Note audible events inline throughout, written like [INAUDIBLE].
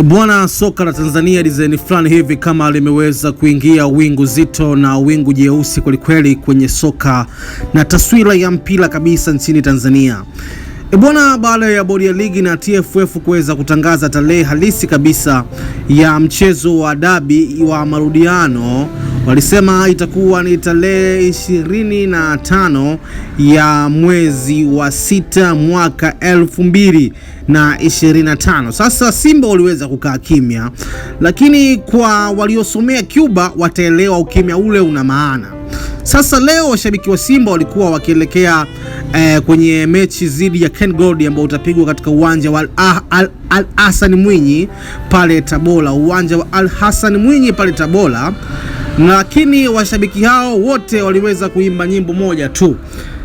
E bwana, soka la Tanzania design fulani hivi kama limeweza kuingia wingu zito na wingu jeusi kwelikweli kwenye soka na taswira ya mpira kabisa nchini Tanzania. E bwana, baada ya bodi ya ligi na TFF kuweza kutangaza tarehe halisi kabisa ya mchezo wa dabi wa marudiano walisema itakuwa ni tarehe ishirini na tano ya mwezi wa sita mwaka elfu mbili na ishirini na tano. Sasa Simba waliweza kukaa kimya, lakini kwa waliosomea Cuba wataelewa ukimya ule una maana. Sasa leo washabiki wa Simba walikuwa wakielekea eh, kwenye mechi dhidi ya Ken Gold ambao utapigwa katika uwanja wa Al Hassan Mwinyi pale Tabora, uwanja wa Al Hassan Mwinyi pale Tabora lakini washabiki hao wote waliweza kuimba nyimbo moja tu,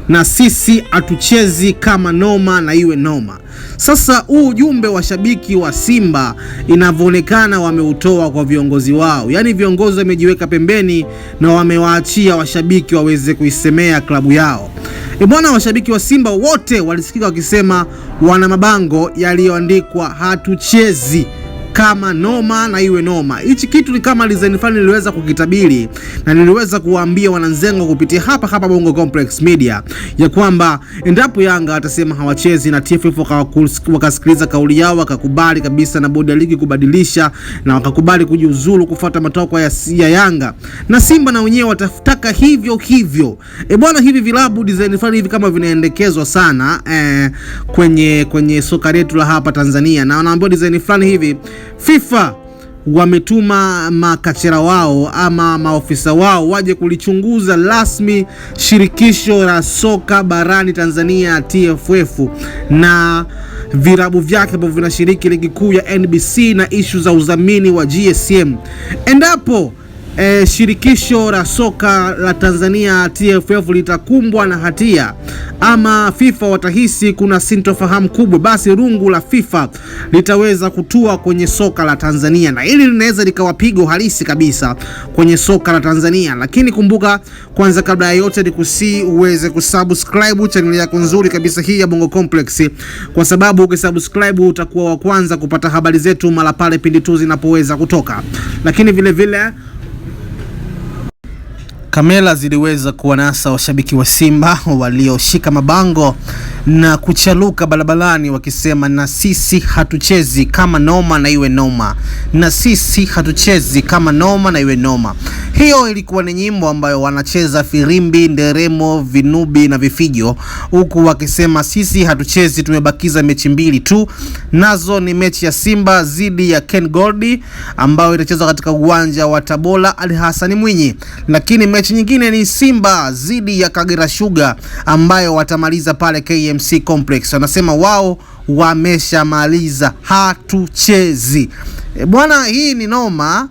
na sisi hatuchezi kama noma na iwe noma. Sasa huu ujumbe washabiki wa Simba inavyoonekana wameutoa kwa viongozi wao, yaani viongozi wamejiweka pembeni na wamewaachia washabiki waweze kuisemea klabu yao. E bwana, washabiki wa Simba wote walisikika wakisema wana mabango yaliyoandikwa hatuchezi kama noma na iwe noma. Hichi kitu ni kama design fulani niliweza kukitabiri na niliweza kuwaambia wananzengo kupitia hapa hapa Bongo Complex Media ya kwamba endapo Yanga atasema hawachezi na TFF wakasikiliza kauli yao wakakubali kabisa na bodi ya ligi kubadilisha na wakakubali kujiuzulu kufuata matakwa ya, ya Yanga na Simba na wenyewe watataka hivyo hivyo. E bwana, hivi vilabu design fulani hivi kama vinaendekezwa sana eh, kwenye kwenye soka letu la hapa Tanzania na wanaambiwa design fulani hivi FIFA wametuma makachera wao ama maofisa wao waje kulichunguza rasmi shirikisho la soka barani Tanzania TFF na virabu vyake ambavyo vinashiriki ligi kuu ya NBC na ishu za udhamini wa GSM endapo E, shirikisho la soka la Tanzania TFF litakumbwa na hatia ama FIFA watahisi kuna sintofahamu kubwa, basi rungu la FIFA litaweza kutua kwenye soka la Tanzania, na hili linaweza likawa pigo halisi kabisa kwenye soka la Tanzania. Lakini kumbuka kwanza, kabla ya yote, ni kusi uweze kusubscribe chaneli yako nzuri kabisa hii ya Bongo Complex, kwa sababu ukisubscribe utakuwa wa kwanza kupata habari zetu mara pale pindi tu zinapoweza kutoka, lakini vilevile vile, Kamera ziliweza kuwanasa washabiki wa Simba walioshika mabango na kuchaluka barabarani wakisema, na sisi hatuchezi kama noma na iwe noma, na sisi hatuchezi kama noma na iwe noma. Hiyo ilikuwa ni nyimbo ambayo wanacheza firimbi, nderemo, vinubi na vifijo, huku wakisema sisi hatuchezi, tumebakiza mechi mbili tu, nazo ni mechi ya Simba dhidi ya Ken Goldi ambayo itachezwa katika uwanja wa Tabora Ali Hassan Mwinyi, lakini mechi nyingine ni Simba dhidi ya Kagera Sugar ambayo watamaliza pale KMC Complex. Wanasema wao wameshamaliza, hatuchezi e, bwana, hii ni noma.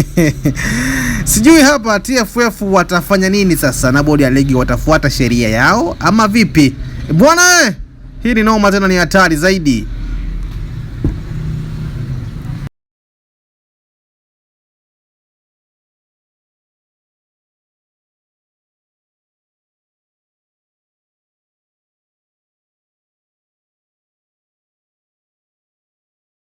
[LAUGHS] Sijui hapa TFF watafanya nini sasa, na bodi ya ligi watafuata sheria yao ama vipi bwana? Eh! Hili noma tena ni hatari zaidi.